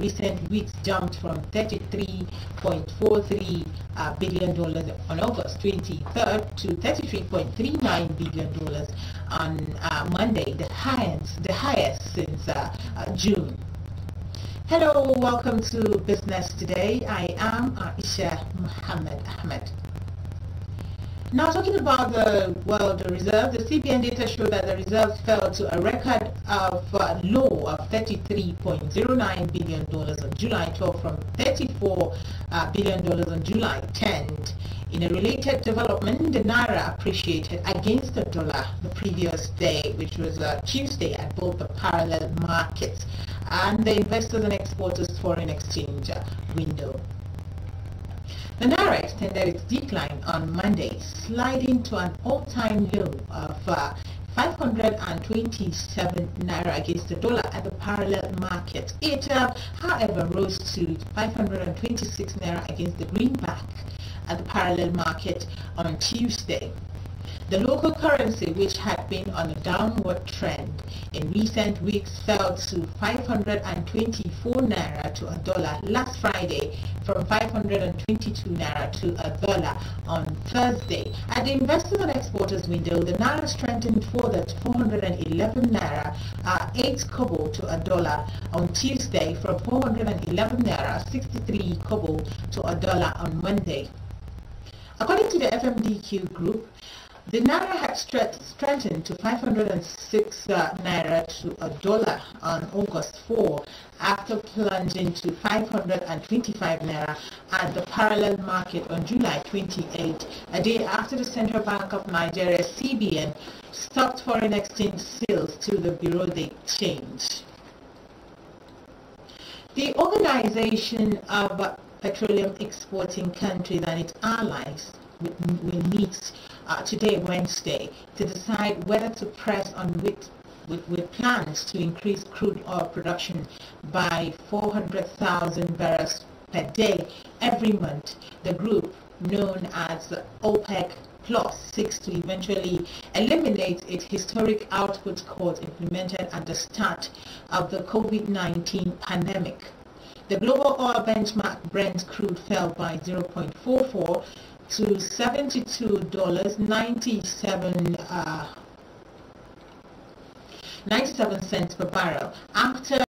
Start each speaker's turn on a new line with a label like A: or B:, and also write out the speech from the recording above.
A: recent weeks jumped from 33.43 billion dollars uh, billion dollars on August 23rd to $33.39 billion dollars on uh, Monday, the highest, the highest since uh, uh June. Hello, welcome to Business Today. I am Aisha uh, Muhammad Ahmed. Now talking about the well the reserve, the CBN data showed that the reserves fell to a record of a uh, low of 33.09 billion dollars on July 12 from 34 uh, billion dollars on July 10. In a related development, the naira appreciated against the dollar the previous day, which was uh, Tuesday, at both the parallel markets and the investors and exporters foreign exchange window. The Naira extended its decline on Monday, sliding to an all-time low of uh, 527 naira against the dollar at the parallel market. It, uh, however, rose to 526 naira against the greenback at the parallel market on Tuesday. The local currency, which had been on a downward trend in recent weeks, fell to 524 naira to a dollar last Friday from 522 naira to a dollar on Thursday. At the investors and exporters window, the naira strengthened further to 411 naira, uh, 8 kobo to a dollar on Tuesday from 411 naira, 63 kobo to a dollar on Monday. According to the FMDQ group, the naira had strengthened to 506 uh, naira to a dollar on August 4 after plunging to 525 naira at the parallel market on July 28, a day after the Central Bank of Nigeria CBN stopped foreign exchange sales to the Bureau de Change. The organization of petroleum exporting countries and its allies will meet uh, today, Wednesday, to decide whether to press on with, with, with plans to increase crude oil production by 400,000 barrels per day every month. The group, known as OPEC Plus 6 to eventually eliminate its historic output cuts implemented at the start of the COVID-19 pandemic. The global oil benchmark Brent crude fell by 0.44 to $72.97 uh, 97 cents per barrel after